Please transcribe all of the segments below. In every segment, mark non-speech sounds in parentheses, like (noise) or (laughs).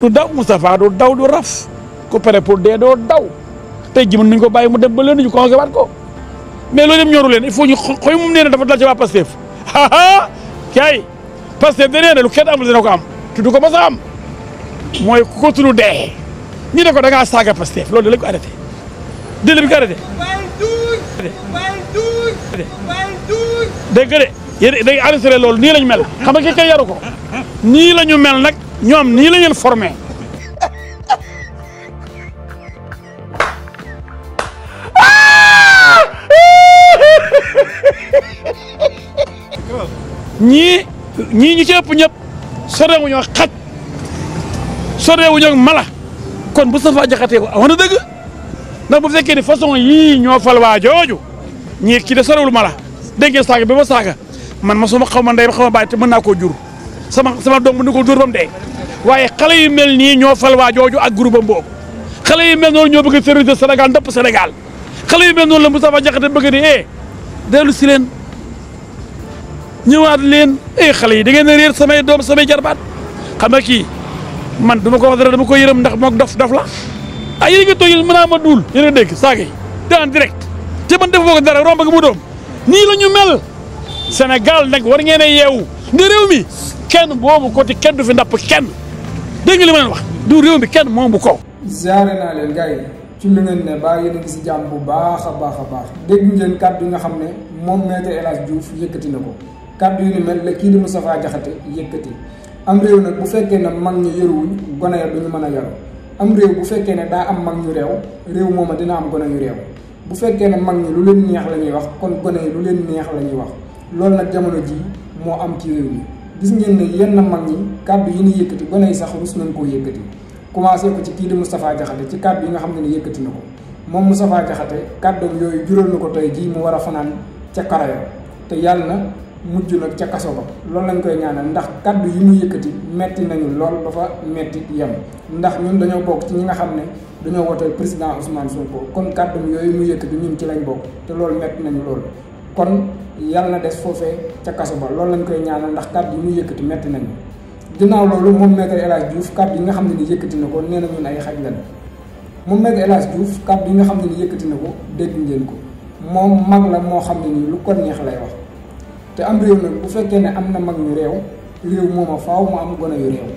du daw Moustapha du daw du raf ku pare pour dee doo daw tey ji mën ko bàyyi mu dem ba léegi ñu convoqué waat ko mais loolu yëpp ñoru leen il faut ñu xoy moom nee na dafa dal ci waa Pastef aa (laughs) kay Pastef da nee na lu kenn amul dina ko am te du ko mas a am mooy ku ko tudd dee ñu ne ko da ngaa saaga Pastef loolu da lañ ko arrêté délai bi ko arrêté dégg nga de yéen da loolu nii lañ mel xam nga kii kay yaru ko nii lañu mel nag ñoom nii la forme formé ñii ñii ñu ci ëpp ñëpp soreewuñoo xaj soreewuñoo mala kon bu safa jaxatee ko wax na dëgg ndax bu fekkee ni façon yii ñoo fal waa jooju ñii kii de sorewul mala dégg ngeen saaga ba ma saaga man ma suma xaw ma ndey xaw ma bàyyi te mën naa koo jur sama sama doom bu ni ko jur ba mu waye xalé yu melni ño fal wa joju ak groupe mbok xalé xale yu mel noonu ñoo bëgg a terroriser Sénégal ndëpp Sénégal xale yu mel noonu la Moustapha Diakhaté bëgg ni eh delu si len ñëwaat len eh xalé yi da ngeen reer sama doom sama jarbat xam nga kii man duma ko wax dara dama ko yërëm ndax mok dof dof la ay ah, yi nga toyil mëna ma dul yene a dégg saaga direct ci man def boko dara romb nga mu doom ni lañu mel Sénégal nak war ngeen a yeewu ne rew mi kenn boobu ti kenn du fi ndapp kenn dégg nga wax du réew mi kenn moom bu kaw. ziare naa leen gars yi ci lu ngeen ne baa yéen a si jàmm bu baax a baax a baax dégg ngeen kàddu yi nga xam ne moom maître El Hadj Diouf yëkkati na ko kàddu yi ni mel la kii li di Moustapha jaxate yëkkati am réew nag bu fekkee ne mag ñi yaruwuñ gone ya bi ñu mën a yaru am réew bu fekkee ne daa am mag ñu réew réew mooma dina am gone ñu réew bu fekkee ne mag ñi lu leen neex la ñuy wax kon gone yi lu leen neex la ñuy wax loolu nag jamono ji moo am ci gis ngeen ne yenn mag ñi kàddu yi ni yëkkati ba nay sax rus nañ koo yëkkati commencé ko ci kii di Moustapha Diakhaté ci kàddu yi nga xam ne ni yëkkati na ko moom Moustapha Diakhaté kàddoom yooyu jural na ko tey jii mu war a fanaan ca karaya te yàlla na mujj nag ca kaso ba loolu lañ koy ñaanal ndax kàddu yi mu yëkkati metti nañu lool dafa fa metti yem ndax ñun dañoo bokk ci ñi nga xam ne dañoo wooteel président Ousmane Sonko kon kàddoom yooyu mu yëkkati ñun ci lañ bokk te loolu metti nañu lool yàlla na des foofee ca kaso ba loolu lañ koy ñaanal ndax kàddu yi muy yëkkati metti nañu ginnaaw loolu moom Maître El Hadji Diouf kàddu yi nga xam ne ni yëkkati na ko nee na ñun ay xaj lan moom Maître El Hadji Diouf kàddu yi nga xam ne ni yëkkati na ko dégg ngeen ko moom mag la moo xam ne nii lu ko neex lay wax te am réew nag bu fekkee ne am na mag ñu réew réew mooma faw mu am gone yu réew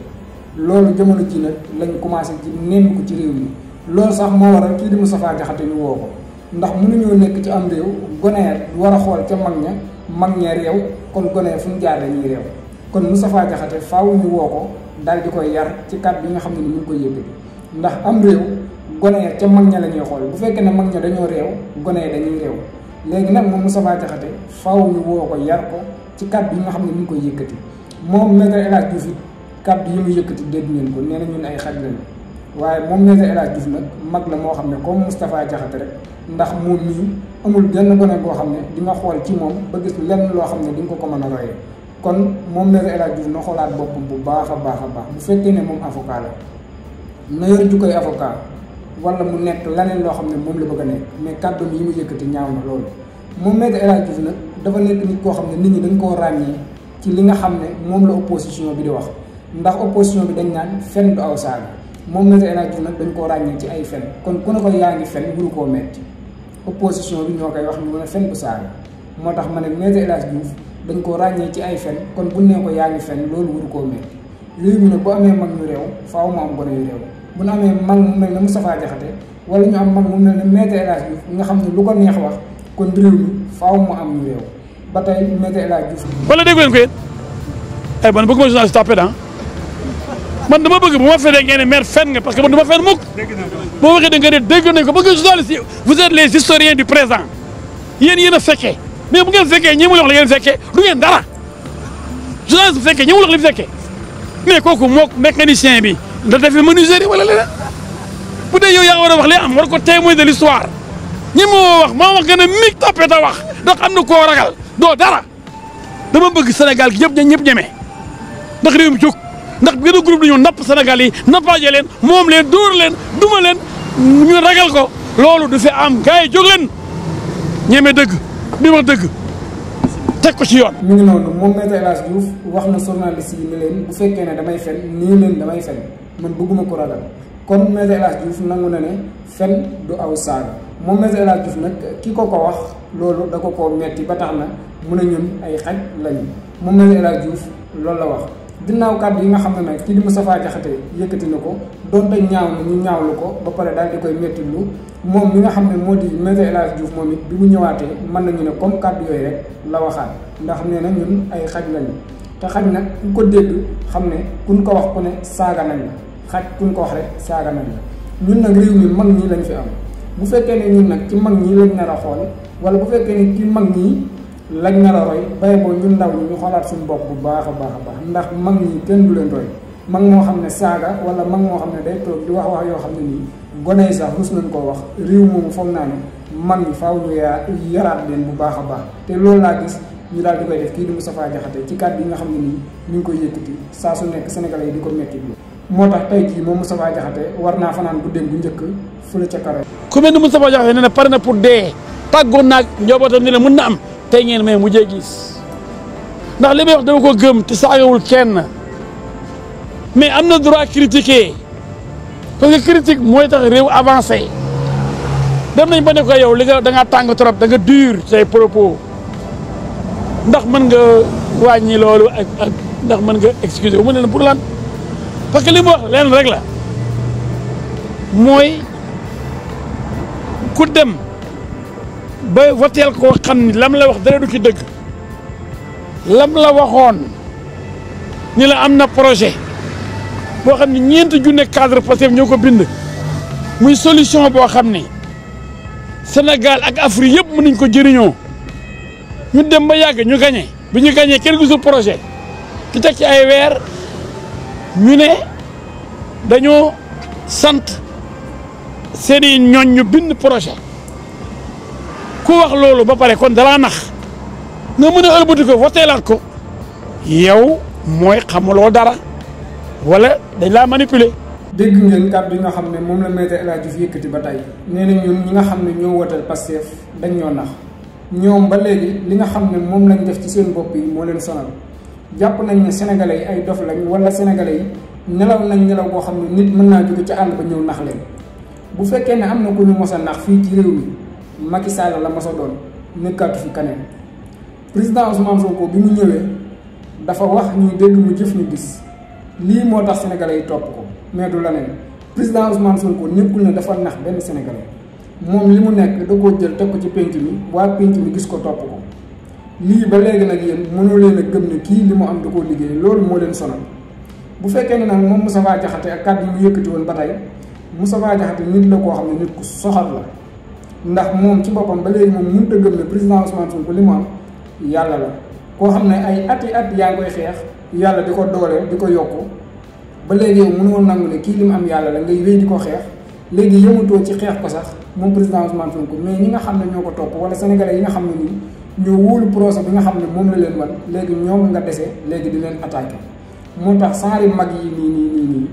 loolu jamono ji nag lañ commencé ci nemm ko ci réew mi loolu sax moo waral kii di Moustapha Diakhaté ñu woo ko ndax mënuñoo nekk ci am réew goneer war a xool ca mag ña mag ña réew kon gone fu mu jaar dañuy réew kon Moustapha Diakhaté faaw ñu woo ko daal di koy yar ci kàddu bi nga xam ne ni ñu ngi koy yëkkati ndax am réew goneer ca mag ña la ñuy xool bu fekkee ne mag ña dañoo réew goneer dañuy léegi nag moom Moustapha Diakhaté faaw ñu woo ko yar ko ci kàddu yi nga xam ne ñu ngi koy yëkkati moom Maître El Hadji Diouf it kàddu yi dégg ngeen ko nee na ñun ay xaj lañu waaye moom Maître El Hadji Diouf nag mag la moo xam ne comme Moustapha Diakhaté rek ndax moom mii amul ko gone koo xam ne di nga xool ci moom ba gis lenn loo xam ne di nga ko ko mën a royee kon moom maître El Hadji na xoolaat boppam bu baax a baax a baax bu fekkee ne moom avocat la na yor jukkoy avocat wala mu nekk laneen loo xam ne moom la bëgg a nekk mais kàddu yi mu yëkkati ñaaw na loolu moom maître El Hadji Diouf nag dafa nekk nit koo xam ne nit ñi dañ koo ràññee ci li nga xam ne moom la opposition bi di wax ndax opposition bi dañ naan fen du aw saaga moom maître El nag dañ koo ràññee ci ay fen kon ku ne ko yaa ngi fen wuru koo metti opposition bi ñoo koy wax ñu mën fen bu saaga moo tax ma ne Maître El Hadji Diouf dañ koo ràññee ci ay fen kon buñ ne ko yaa ngi fen loolu wuru koo mel réew mi nag bu amee mag ñu réew faaw mu am gone yu réew bu ñu amee mag mu mel ne Moustapha Diakhaté wala ñu am mag mu mel ne Maître El Hadji nga xam ne lu ko neex wax kon réew mi faaw mu am ñu réew ba tey Maître El Hadji Diouf. wala dégg ngeen ko yéen ay eh, man bëgg ma journaliste tapé man dama bëgg bu ma ngeen ne nga parce que man du ma fen mukk da nga ne dégg nañ ko bëgg vous êtes les historiens du présent yéen yéen a mais bu ngeen fekkee ñi mu wax la ngeen fekkee du ngeen dara journaliste bu fekkee la mais kooku mécanicien bi da defi menuiserie wala leneen bu dee yow yaa wax li am war ko témoin de l'histoire ñi wax wax gën a mig ta wax ndax am na ragal doo dara dama bëgg Sénégal ndax benn groupe dañoo napp senegal yi nappaaje leen moom leen dóor leen duma leen ñu ragal ko loolu du fi am gars yi jóg leen ñeme dëgg bi wax dëgg teg ko ci yoon. mu ngi noonu moom Maître El Hadji wax na journaliste yi ni leen bu fekkee ne damay fen nii leen damay fen man bëgguma ko ragal kon Maître El Hadji Diouf nangu na ne fen du aw saaga moom Maître El Hadji Diouf nag ki ko ko wax loolu da ko koo metti ba tax na mu a ñun ay xaj lañu moom Maître El Hadji Diouf loolu la wax. ginnaaw kàddu yi nga xam ne nag kii di Moustapha Diakhaté yëkkati na ko donte ñaaw na ñu ñaawlu ko ba pare daal di koy métti lu moom mi nga xam ne moo di Maître El moom it bi mu ñëwaatee mën nañu ne comme kàddu yooyu rek la waxaat ndax nee na ñun ay xaj lañu te xaj nag ku ko dégg xam ne kuñ ko wax ku ne saaga nañ la xaj kuñ ko wax rek saaga nañ la ñun nag réew mi mag ñi lañ fi am bu fekkee ne ñun nag ci mag ñii lañ nar a xool wala bu fekkee ne mag ñi lañ na la roy bay bo ñun ndaw ñu xolaat suñu bop bu baaxa baaxa baax ndax mag ñi kenn du leen roy mag mo xamne saga wala mag mo xamne day tok di wax wax yo xamne ni gonay sax rus nañ ko wax réew moomu fo naa ne mag ñi faaw ñu yaa yaraat leen bu baaxa baax te lool la gis ñu dal di koy def kii di Moustapha jaxate ci kàddu bi nga xamne ni ñu koy sa su nekk sénégalais yi diko metti bi motax tay ci mo musafa jaxate bu dem bu fu la ci karé ku mel ni na parna pour dé ni la mëna am tey ngeen mu mujjee gis ndax li may wax dama ko gëm te saagawul kenn mais am na droit critiquer parce que critique mooy tax réew avancé dem nañ ba ne ko yow li nga danga nga tàng trop da nga dur say propos ndax mën nga wàññi loolu ak ak ndax mën nga excuser wu mu ne pour lan parce que li mu wax leen rek la mooy ku dem. ba wateel ko xamni lam la wax dara du ci deug lam la waxone ni la amna projet bo xamni ñent ju ne cadre Pastef ñoo ko bind muy solution bo xamni senegal Sénégal ak Afrique yëpp mënuñ ko jëriño ñu dem ba yag ñu gagné bi ñu kër gu su projet ki tek ci ay weer ñu né dañoo sant seen ñooñ ñu bind projet ku wax loolu ba pare kon dalaa nax nga mën a ëlbati ko woteelaat ko yow mooy xamuloo dara wala dañ laa manipuler. dégg ngeen yi nga xam ne moom la maître El Hadji Diouf yëkkati ba tey nee na ñun ñi nga xam ne ñoo wotal Pastef dañ ñoo nax ñoom ba léegi li nga xam ne moom lañ def ci seen bopp yi moo leen sonal jàpp nañ ne sénégalais yi ay dof lañ wala sénégalais yi nelaw nañ nelaw boo xam ne nit mën naa jóge ci ànd ba ñëw nax leen bu fekkee ne am na ku ñu mos a nax fii ci mi. Macky Sall la ma soo doon nekkaatu fi kaneen président Ousmane Sonko bi mu ñëwee dafa wax ñuy dégg mu jëf ñu gis lii moo tax sénégalais yi topp ko mais du la leneen président Ousmane Sonko nekkul ne dafa nax benn sénégalais moom li mu nekk da koo jël te ko ci penc mi waa penc mi gis ko topp ko lii ba léegi nag yéen mënoo leen a gëm ne kii li mu am da koo liggéey loolu moo leen sonal bu fekkee ne nag moom Moustapha Diakhaté ak kàddu yi mu yëkkati woon ba tey Moustapha Diakhaté nit la koo xam ne nit ku la ndax moom ci boppam ba léegi moom mënut a gëm ne président Ousmane Sonko li mu am yàlla la koo xam ne ay at at yaa koy xeex yàlla di ko dooleel di ko yokku ba léegi yow mënoo nangu ne kii li mu am yàlla la ngay wéy di ko xeex léegi yëmatoo ci xeex ko sax moom président Ousmane Sonko mais ñi nga xam ne ñoo ko topp wala sénégalais yi nga xam ne nii ñoo wóolu procès bi nga xam ne moom la leen man léegi ñoom nga dese léegi di leen attaqué moo tax saari mag yi nii nii nii nii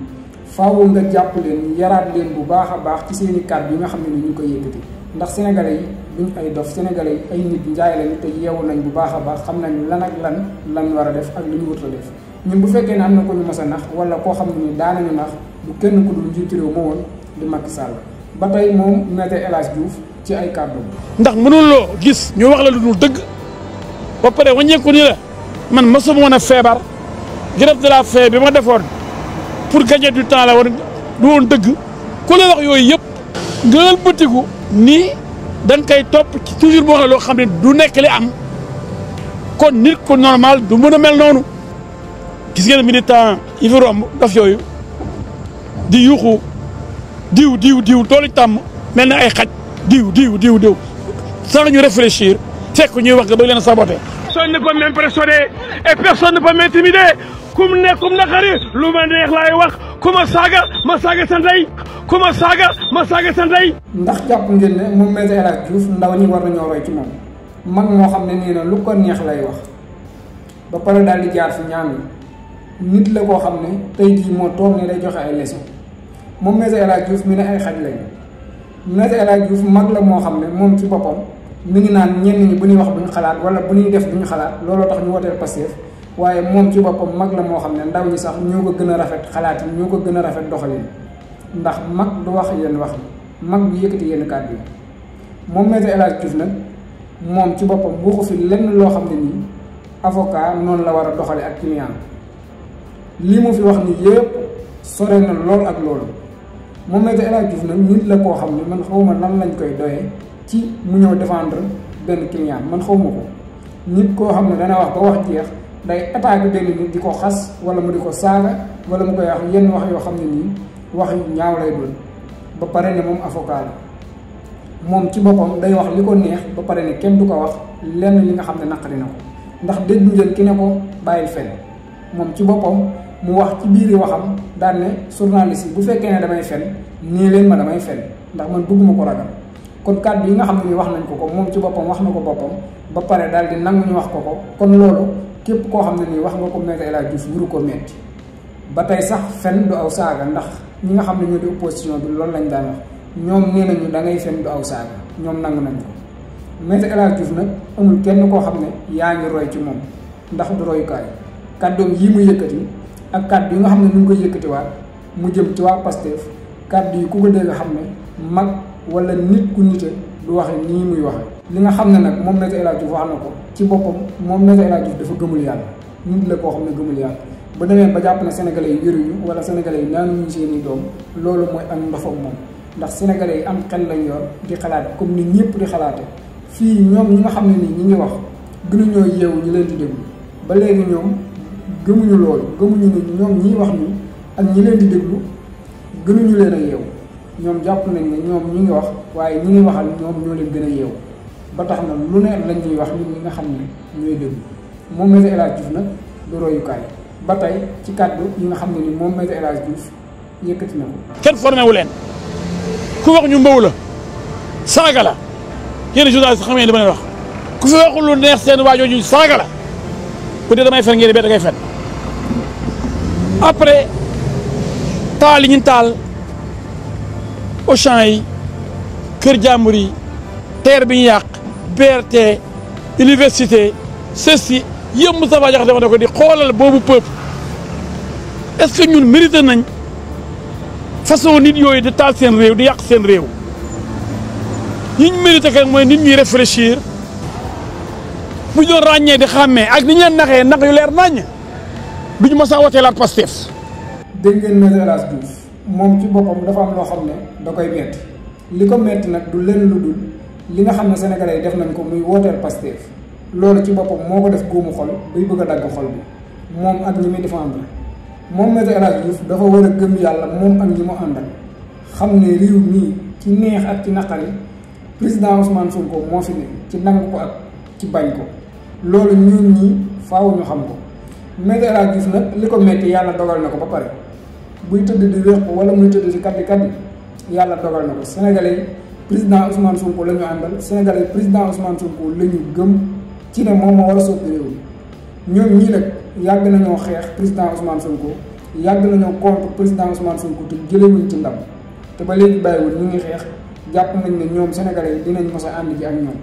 faaw nga jàpp leen bu baax a baax ci seen i nga xam ne ni ñu koy yëkkati ndax sénégalais yi duñ ay dof sénégalais yi ay nit njaay lañu te yeewu nañ bu baax a baax xam nañ lan ak lan lan war a def ak lu ñu wut a def ñun bu fekkee ne am na ko ñu mos a nax wala koo xam ne ni daanañu nax du kenn ku dul njiitu réew ma woon di Macky Sall ba tey moom Maître El Hadji ci ay kàddu ndax mënuloo gis ñu wax la lu dul dëgg ba pare waññeeku ni la man mosuma a feebar grève de la faim bi ma defoon pour gagner du temps la woon du woon dëgg ku la wax yooyu yëpp nga ni dañ koy top ci toujours bo du nekk li am kon nit normal du mëna mel gis militant il dof di yuxu diw diw diw tam ay diw diw diw diw sans ñu réfléchir c'est ñuy wax ba leen saboté personne ne peut m'impressionner et personne ne peut m'intimider kum ne kum lu neex lay wax comme un ma saga ku ma saaga ma saaga sa ndey ndax jàpp ngeen ne moom Me El Hadji Diouf ndaw ñi war nañoo roy ci moom mag moo xam ne nii na lu ko neex lay wax ba pare daal di jaar fi ñaan nit la koo xam ne tey jii moo toog ne day joxe ay leçon moom Me El Hadji Diouf mi ne ay xaj lañu Me El Hadji Diouf mag la moo xam ne moom ci boppam mi ngi naan ñenn ñi bu ñuy wax bu ñu xalaat wala bu ñuy def bu ñu xalaat looloo tax ñu woteel Pastef waaye moom ci boppam mag la moo xam ne ndaw ñi sax ñoo ko gën rafet xalaat yi ñoo ko gën a rafet doxalin ndax mag du wax yenn wax mag bi yëkkati yenn kàddu yi moom maître El Hadji nag moom ci boppam waxu fi lenn loo xam ne nii avocat noonu la war a doxale ak client li mu fi wax nii yëpp sore na lool ak loolu moom maître El Hadji Diouf nag nit la koo xam ne man xawma lan lañ koy doyee ci mu ñëw défendre benn client man xawma ko nit koo xam ne dana wax ba wax jeex day attaqué benn nit di ko xas wala mu di ko saaga wala mu koy wax yenn wax yoo xam ne nii wax yu ñaaw lay doon ba pare ne moom avocat moom ci boppam day wax li ko neex ba pare ne kenn du ko wax lenn li nga xam ne naqari na ko ndax déglu leen ki ne ko bàyyil fen moom ci boppam mu wax ci biiri waxam daan ne journaliste yi bu fekkee ne damay fen nii leen ma damay fen ndax man bëgguma ko ragal kon kàddu yi nga xam ne wax nañ ko ko moom ci boppam wax na ko boppam ba pare dal di nangu ñu wax ko ko kon loolu képp koo xam ne nii wax nga ko Maître El Hadji Diouf wuru ko metti ba tey sax fen aw saaga ndax ñi nga xam ne ñoo di opposition bi loolu lañ daan wax ñoom nee nañu da ngay fen du aw saaga ñoom nangu nañ ko Maître El Hadji Diouf nag amul kenn koo xam ne yaa ngi roy ci moom ndax du royukaay kàddoom yi mu yëkkati ak kàddu yi nga xam ne ñu ngi koy yëkkatiwaat mu jëm ci waa Pastef kàddu yi ku ko dégg xam ne mag wala nit ku nite du waxe nii muy wax li nga xam ne nag moom Maître El Hadji wax na ko ci boppam moom Maître El Hadji dafa gëmul yàlla nit la koo xam ne gëmul yàlla ba demee ba jàpp ne sénégalais yi wéruñu wala sénégalais yi naanuñu seeni doom loolu mooy am ndox moom ndax sénégalais yi am xel lañ yor di xalaat comme ni ñëpp di xalaate fii ñoom ñi nga xam ne nii ñi ngi wax gënuñoo yeewu ñu leen di déglu ba léegi ñoom gëmuñu loolu gëmuñu ne ñoom wax ni ak ñi leen di déglu gënuñu leen a yeewu jàpp nañ ñoom ñi ngi wax waaye ñi ngi waxal ñoom ñoo leen gën a yeewu ba tax na lu ne lañ ñuy wax nit ñi nga xam ne ñooy déglu moom El Hadji Diouf nag du royukaay ba tey ci kàddu yi nga xam ne ni moom Maître El Hadji Diouf yëkkati na ko. kenn formé leen ku wax ñu mbaw la saaga la yéen journaliste xam ngeen li ma leen wax ku fi waxul lu neex seen waa saaga la bu dee damay fen ngeen bee da ngay fen après taal yi ñu taal Auchan yi kër jàmbur yi terre bi ñu yàq BRT université ceci yëpp Moustapha Diakhaté dama ne ko di xoolal boobu peuple est ce que ñun mérité nañ façon nit yooyu di taal seen réew di yàq seen réew ñi ñu mérité kay mooy nit ñuy réfléchir bu ñu doon ràññee di xàmmee ak ni ñu leen naxee nax yu leer naññ ñu mës a woteelaat Pastef. dégg ngeen ne El Hadj moom ci boppam dafa am loo xam ne da koy mett li ko metti nag du lenn lu dul li nga xam ne sénégalais yi def nañ ko muy wooteel Pastef loolu ci boppam moo ko def góomu xol buy bëgg a dagg xol bi moom ak ñi muy défendre. moom Maître El Hadji dafa war a gëm yàlla moom ak ñi mu àndal xam ne réew mii ci neex ak ci naqari président Ousmane Sonko moo fi ne ci nangu ko ak ci bañ ko loolu ñun faaw ñu xam ko Maître El Hadji Diouf nag li ko metti yàlla dogal na ko ba pare buy tëdd di wéq wala muy tëdd di kaddi kaddi yàlla dogal na ko sénégalais yi président Ousmane Sonko la ñu àndal sénégalais président Ousmane Sonko la ñu gëm ci ne moom moo war a soppi réew mi ñoom ñii nag. yàgg ñoo xeex président Ousmane Sonko yàgg nañoo contre président Ousmane Sonko te jëlewuñ ci ndam te ba léegi bàyyiwul ñu ngi xeex jàpp nañ ne ñoom sénégalais yi dinañ mos a ànd ji ak ñoom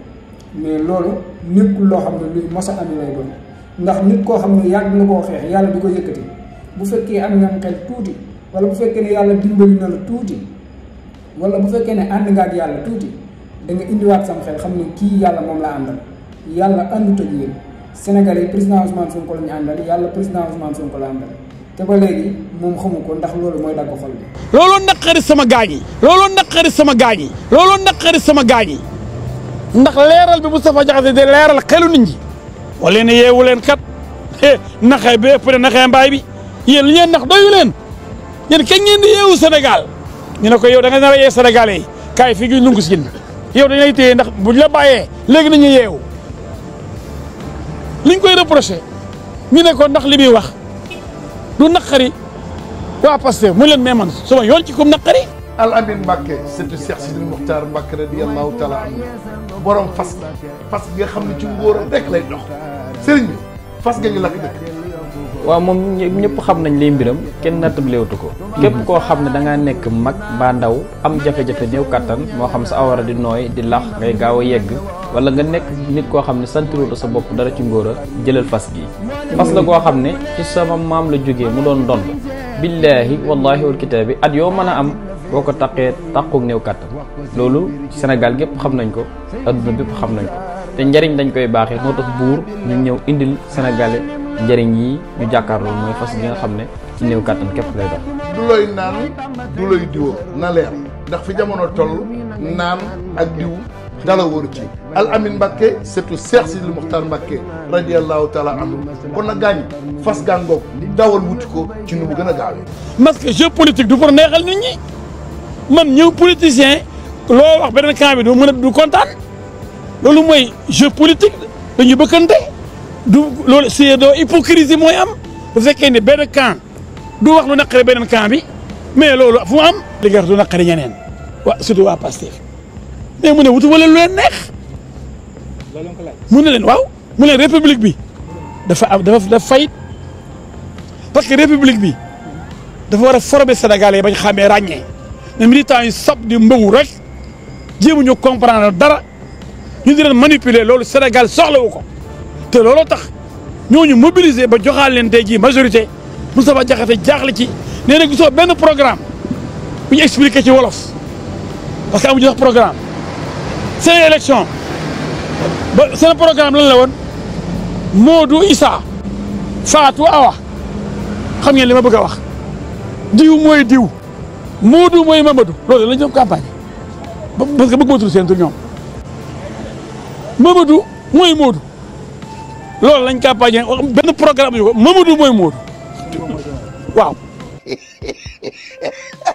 mais loolu nekkul loo xam ne luy mos a am lay doon ndax nit koo xam ne yàgg na koo xeex yàlla di ko yëkkati bu fekkee am nga xel tuuti wala bu fekkee ne yàlla dimbali na la tuuti wala bu fekkee ne ànd nga ak yàlla tuuti da nga indiwaat sam xel xam ne kii yàlla moom la àndal yàlla àndut ak yéen Sénégal yi président Ousmane Sonko la ñu àndal yàlla président Ousmane Sonko la àndal te ba léegi moom xamu ko ndax loolu mooy dagg xol bi. looloo naqari sama gaañ yi. looloo naqari sama gaañ yi. looloo naqari sama gaañ yi ndax leeral bi Moustapha Diakhaté de leeral xelu nit ñi wala ne yeewu leen kat naxee bi ëpp ne naxee mbaay bi yéen li ndax nax doyu leen yéen kañ ngeen di yeewu Sénégal ñu ne ko yow da nga nar a yee Sénégalais yi kaay fii gi nungu yow dañu lay ndax buñ la bàyyee léegi nañu yeewu. liñ koy reprocher ñu ne ko ndax li muy wax du nakari wa Pastef mu leen meman suma sama yoon ci kum nakari al amin Mbacke sëtu Cheikh Sidil Muxtaar Mbacke radiyallahu taala borom fas fas nga xamni ci ngor rek lay dox serigne fas nga ñu la dëkk. wa mom ñepp xam nañ lay mbiram kenn nattab lewtu ko. képp ko xam da nga nek mag ba ndaw am jafé jafé new katan mo xam sa awara di noy di lax ngay gaaw yegg. wala nga nekk nit koo xam ne santiroo sa bopp dara ci ngóor a jëlal fas gi fas la koo xam ne ci sama maam la jógee mu doon dond billaahi wallaahi wal kitaabi at yoo mën a am boo ko taqee taquk néew kàttan loolu Sénégal gépp xam nañ ko adduna bépp xam nañ ko te njariñ dañ koy baaxee moo tax buur ñu ñëw indil Sénégalais njariñ yi ñu jàkkaarloo mooy fas gi nga xam ne ci néew kàttan képp lay dox du looy naan du looy diwoo na leer ndax fi jamono toll dara wóoru ci al amin Mbakke surtout Cheikh Sidil Muxtaar Mbakke radiallahu taala anhu kon nag gaañi fas gango ngoog dawal wuti ko ci nu mu gën a gaawee. parce que jeu politique du pour neexal nit ñi man ñeu politicien lo wax benen camp bi do mën du kontaan lolu moy jeu politique dañu bëkkante du lolu c'est doo hypocrisie mooy am vous fekkee ne benn camp du wax lu naqare benen camp bi mais lolu fu am. li nga wax du naqare ñeneen wa surtout wa Pastef mais mu ne wutu wala leen neex. mu ne leen waaw mu ne république bi dafa am dafa dafa fay parce que république bi dafa war a former sénégalais bañ xàmmee ràññee ne militants yi sab di mbawu rek jéemuñu comprendre dara ñu di leen manipuler loolu Sénégal soxlawu ko te looloo tax ñooñu mobiliser ba joxaal leen tey jii majorité Moustapha Diakhaté jaaxle ci nee na gisoo benn programme bu ñu expliqué ci wolof parce que amuñu sax programme. c'est élection C'est le programme là la Modou Issa Fatou Awa xam ngeen lima ma bëgg wax diw moy diw Modou moy Mamadou loolu lañu campagne parce que bëgg ma tour sen tour ñom Mamadou moy Modou loolu lañu campagne ben programme yu Mamadou moy Modou waaw (laughs)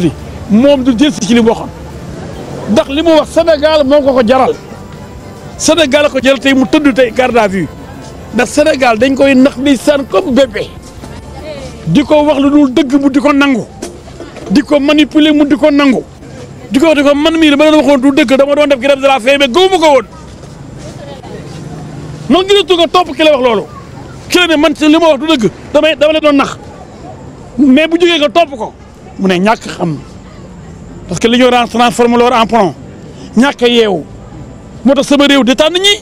publicité moom du jël si ci li mu waxoon ndax li mu wax Sénégal moo ko ko jaral Sénégal ko jaral tey mu tëdd tey garde à vue ndax Sénégal dañ koy nax di saan comme bébé di ko wax lu dul dëgg mu di nangu di ko manipuler mu di ko nangu di ko wax di ko man mii la ma doon waxoon du dëgg dama doon def grève de la faim mais ko woon noonu gisatu nga topp kila wax loolu ki la ne man li ma wax du dëgg damay dama la doon nax mais bu jógee nga topp ko mu ne ñàkk xam parce que li ñu daan transformer lor en plomb ñak yew moto sama rew di tan ñi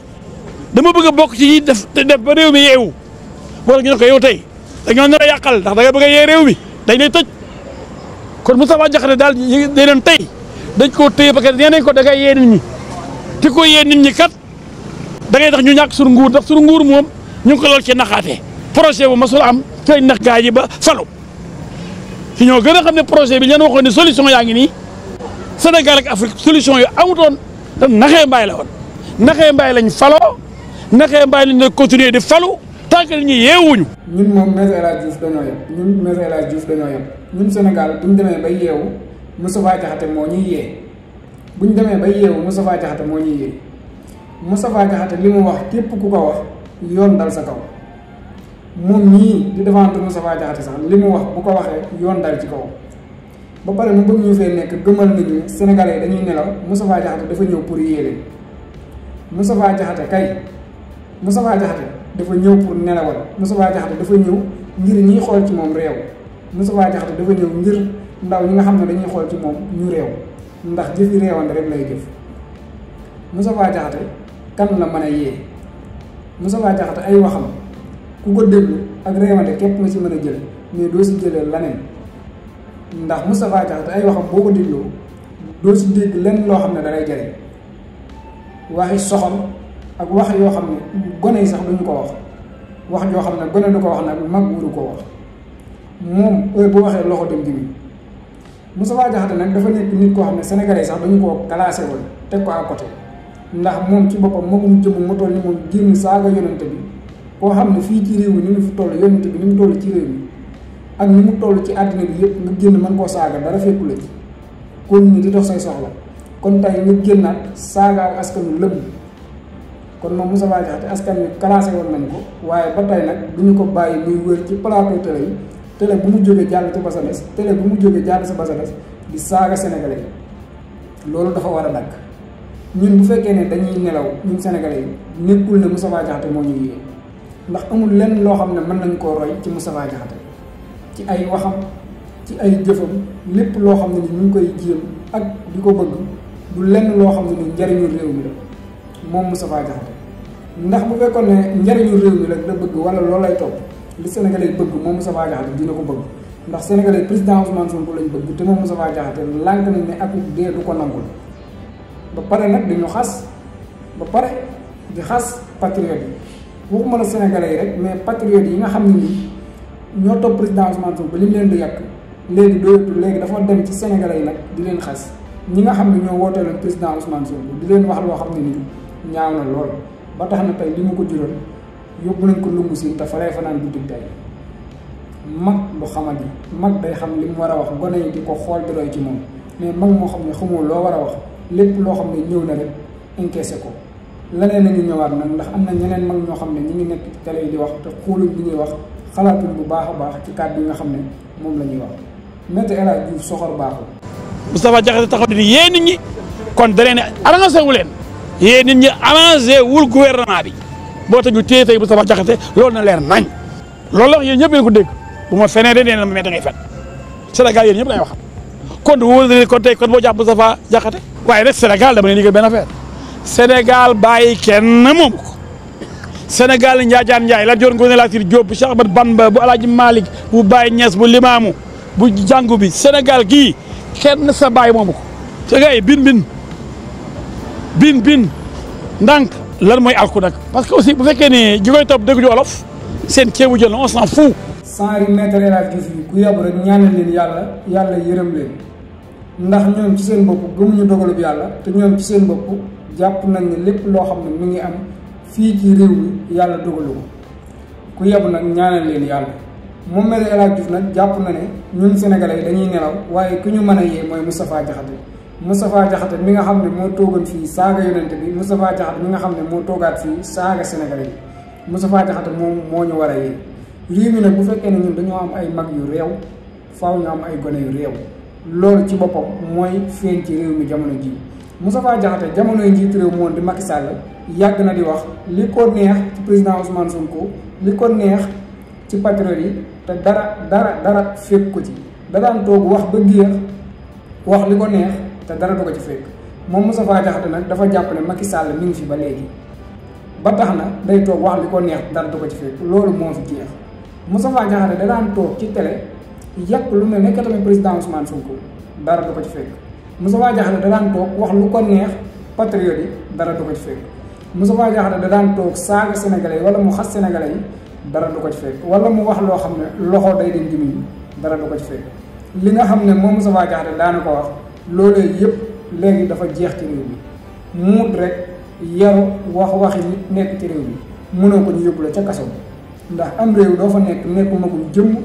dama bëgg bok ci def def ba rew mi yew wala ñu ko yow tay da nar a yaqal ndax da nga bëgg yew rew mi dañ lay tëj kon Moustapha Diakhaté dal de len tay dañ ko tey ba que nee ko da nga yeen ñi di ko yeen nit ñi kat da ngay tax ñu ñak suñu nguur ndax suñu nguur mom ñu ko lol ci naxate projet bu masul am tay nak gaaji ba falu te ñoo gën a xam ne projet bi leen waxoon ne solution yaa ngi nii Sénégal ak Afrique solution yu amutoon te naxee mbaay la woon naxee mbaay lañu faloo naxee mbaay lañ ne continuer di falu tant que ñu yeewuñu ñun moom Maître El dañoo yem ñun Maître El dañoo yem ñun Sénégal bu ñu demee bay yeewu Moustapha Diakhaté moo ñuy yee bu ñu demee bay yeewu Moustapha Diakhaté moo ñuy yee Moustapha Diakhaté li mu wax képp ku ko wax yoon dal sa kaw moom ñii di défendre Moussa Diakhaté sax li mu wax bu ko waxee yoon dal ci kaw ba pare mu bëgg ñu fee nekk gëmal nañu Sénégalais yi dañuy nelaw Moussa Diakhaté dafa ñëw pour yéele Moussa Diakhaté kay Moussa Diakhaté dafa ñëw pour nelawal Moussa Diakhaté dafa ñëw ngir ñiy xool ci moom réew Moussa Diakhaté dafa ñëw ngir ndaw ñi nga xam ne dañuy xool ci moom ñu réew ndax jëfi réewante rek lay jëf Moussa Diakhaté kan la mën a yee Moussa Diakhaté ay waxam. ku ko déglu ak réewante képp nga ci mën a jël mais doo si jëlee laneen ndax Moustapha Diakhaté ay waxam boo ko dégloo doo si dégg lenn loo xam ne da lay jariñ waxi soxal ak wax yoo xam ne gone yi sax duñu ko wax wax joo xam ne gone du ko wax nag mag wuru koo wax moom heure bu waxee loxo dem ji Moustapha Diakhaté nag dafa nekk nit koo xam ne sénégalais sax dañu koo classé woon teg ko à côté ndax moom ci boppam magum jëmm mu toll ni moom génn saaga yonante bi koo xam ne fii ci réew mi ni mu fi toll yonent bi ni mu tollu ci réew mi ak ni mu toll ci àddina bi yëpp nga génn man koo saaga dara fekku la ci kon ni di dox say soxla kon tey nga génnaat saaga ak askanu lëmm kon moom Moussa Ba Diakhaté askan wi classé woon nañ ko waaye ba tey nag du ñu ko bàyyi muy wër ci plateau télé yi télé bu mu jógee jàll ci basales télé bu mu jógee jàll sa basales di saaga sénégalais yi loolu dafa war a dakk ñun bu fekkee ne dañuy nelaw ñun sénégalais yi nekkul ne Moussa Ba Diakhaté moo ñu ndax amul lenn loo xam ne mën nañ koo roy ci Moustapha Diakhaté ci ay waxam ci ay jëfam lépp loo xam ne ni ñu ngi koy jéem ak di ko bëgg du lenn loo xam ne ni njariñu réew mi la moom mu Moustapha Diakhaté ndax bu fekkoon ne njariñu réew mi la da bëgg wala loolu lay topp li Sénégalais bëgg moom Moustapha Diakhaté dina ko bëgg ndax Sénégalais président Ousmane Sonko lañ bëgg te moom Moustapha Diakhaté lànk nañ ne ak dee du ko nangul ba pare nag dañu xas ba pare di xas patriote yi waxuma la sénégalais yi rek mais patriotes yi nga xam ne nii ñoo topp président Ousmane Sonko ba li mu leen di yàq léegi dootul léegi dafa dem ci sénégalais yi nag di leen xas ñi nga xam ni ñoo wootee leen président Ousmane Sonko di leen wax loo xam ne nii ñaaw na lool ba tax na tey li mu ko jural yóbbu nañ ko lungu si te fa lay fanaan guddi tey mag lu xamal ni mag day xam li mu war a wax gone yi di ko xool di roy ci moom mais mag moo xam ne xamoo loo war a wax lépp loo xam ne ñëw na rek encaissé ko. leneen la ñu ñëwaat nag ndax am na ñeneen mag ñoo xam ne ñi ngi nekk ci télé di wax te xooluñ li ñuy wax xalaatuñ bu baax a baax ci kàddu yi nga xam ne moom la ñuy wax Maître El Hadji Diouf soxor baaxul. Moustapha Diakhaté taxaw ni ñi kon da leen arrangé wu leen yéen nit ñi arrangé wul gouvernement bi boo tax ñu téye tey Moustapha Diakhaté loolu na leer nañ loolu la wax yéen ñëpp ku ko dégg bu ma fenee de nee na mais da ngay fen Sénégal yéen ñëpp lay wax kon wóor na kon tey kon boo jàpp Moustapha Diakhaté waaye nag Sénégal dama leen yëgal benn affaire Senegal baye kenn moom senegal njaajan njaay la jor ngone la sir job cheikh bamba bu alaaji malik bu baye ñees bu limamu bu jàngu bi senegal gi kenn sa baye mom ko te gay bin bin bin bin ndank lan moy alku nak parce que aussi bu fekke ni jigoy top deug ju olof sen ceebu jël on s'en fout sans yi maître El Hadj ku yob rek ñaanal leen yalla yalla yërëm leen ndax ñoom ci seen ñu dogal bi yalla te ñoom ci seen jàpp nañ ne lépp loo xam ne mu ngi am fii ci réew mi yàlla dogalu ko ku yebu nag ñaanal leen yàlla moom mel El Hadj juf nag jàpp na ne ñun sénégalais yi dañuy nelaw waaye ki ñu mën a yee mooy Moustapha Diakhaté Moustapha Diakhaté mi nga xam ne moo toogoon fii saaga yonente bi Moustapha Diakhaté mi nga xam ne moo toogaat fii saaga sénégalais yi Moustapha Diakhaté moom moo ñu war a yee réew mi nag bu fekkee na ñun dañoo am ay mag yu réew faaw ñu am ay gone yu réew loolu ci boppam mooy feeñ ci réew mi jamono jii Moustapha Diakhaté jamonoy njiitu réew moom di Macky Sall yàgg na di wax li ko neex ci président Ousmane ko li ko neex ci patriote yi te dara dara dara fekk ko ci da daan toog wax ba géex wax li ko neex te dara du ko ci fekk moom Moustapha Diakhaté nag dafa jàpp ne Sall mi ngi fi ba léegi ba tax na day toog wax li ko neex dara du ko ci loolu moo fi jeex Moustapha Diakhaté da daan toog ci tele yàq lu mel ne tamit président Ousmane Sonko dara da ko ci fekk. Moustapha Diakhaté da daan toog wax lu ko neex patriote yi dara du ko ci fekk Moustapha Diakhaté da daan toog saaga sénégalais yi wala mu xas sénégalais yi dara du ko ci fekk wala mu wax loo xam ne loxo day dem gémmiñ dara du ko ci fekk li nga xam ne moom Moustapha Diakhaté daana ko wax loolee yëpp léegi dafa jeex ci réew mi muut rek yaru wax waxi nit nekk ci réew mi mënoo ko ñu yóbbu la ca kaso ndax am réew doo fa nekk nekku magum jëmm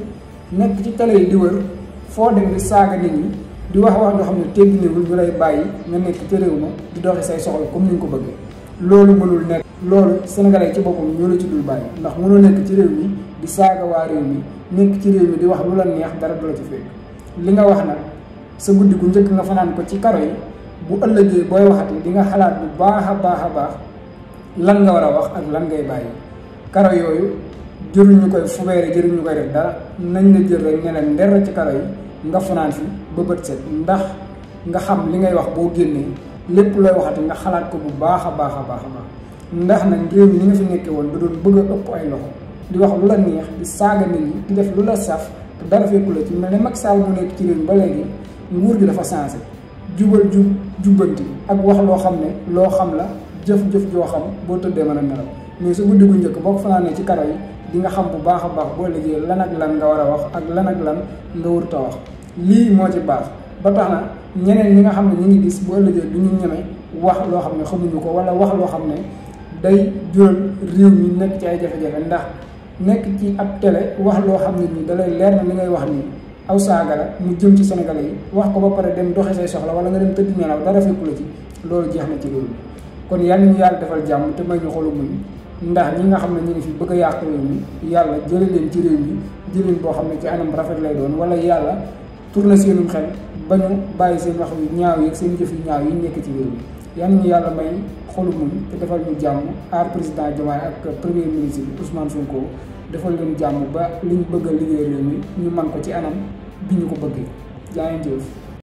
nekk ci télé yi di wër foo di saaga nit di wax wax yoo xam ne tegginewul ñu lay bàyyi nga nekk ca réew ma di doxi say soxla comme ni nga ko bëggee loolu mënul nekk loolu sénégalais ci boppam ñoo la ci dul bàyyi ndax mënoo nekk ci réew mi di saaga waa réew mi nekk ci réew mi di wax lu la neex dara du la ci fekk li nga wax nag sa guddi gu njëkk nga fanaan ko ci karo yi bu ëllëgee booy waxati di nga xalaat bu baax a baax a baax lan nga war a wax ak lan ngay bàyyi karo yooyu jëruñu koy fubeere jëruñu koy def dara nañ la jël rek ne la ci karo yi nga fanaan fi ba bët set ndax nga xam li ngay wax bo genné lepp loy waxati nga xalat ko bu baax a baax a ndax na réew ni nga fi nekké won da doon bëgg ëpp ay loxo di wax lula neex di saga nit ni di def lula saf te dara fekku la ci melni mak sal mu nekk ci reen ba légui nguur gi dafa changé jubal jub jubbanti ak wax lo xamné lo xam la jëf-jëf jo xam bo tuddé mëna a nelaw mais su guddi gu ñëk bok fanaanee ci karaw yi di nga xam bu baax baax bo légui lan ak lan nga wara wax ak lan ak lan nga wax lii moo ci baax ba tax na ñeneen ñi nga xam ne ñu ngi gis boo ëllëgee du ñu ñeme wax loo xam ne xamuñu ko wala wax loo xam ne day jural réew mi nekk ci ay jafe-jafe ndax nekk ci ab télé wax loo xam ne nii da lay leer na li ngay wax nii aw saaga la mu jëm ci Sénégalais yi wax ko ba pare dem doxe say soxla wala nga dem tëdd nelaw dara fekku la ci loolu jeex na ci réew mi kon yàlla ñu yàlla defal jàmm te may ñu xolu muñ ndax ñi nga xam ne ñu ngi fi bëgg a yàq réew mi yàlla leen ci réew mi jëleen xam ne ci anam rafet lay doon wala yàlla tourné seenum xel ba ñu bàyyi seen wax ñaaw yi ak seen jëf yu ñaaw yi nekk ci réew mi yal nañu yàlla may xolu muñ te defal ñu jàmm aar président Diomaye ak premier ministre bi Ousmane Sonko defal leen jàmm ba liñ bëgg a liggéey réew mi ñu man ko ci anam bi ñu ko bëggee jaa jëf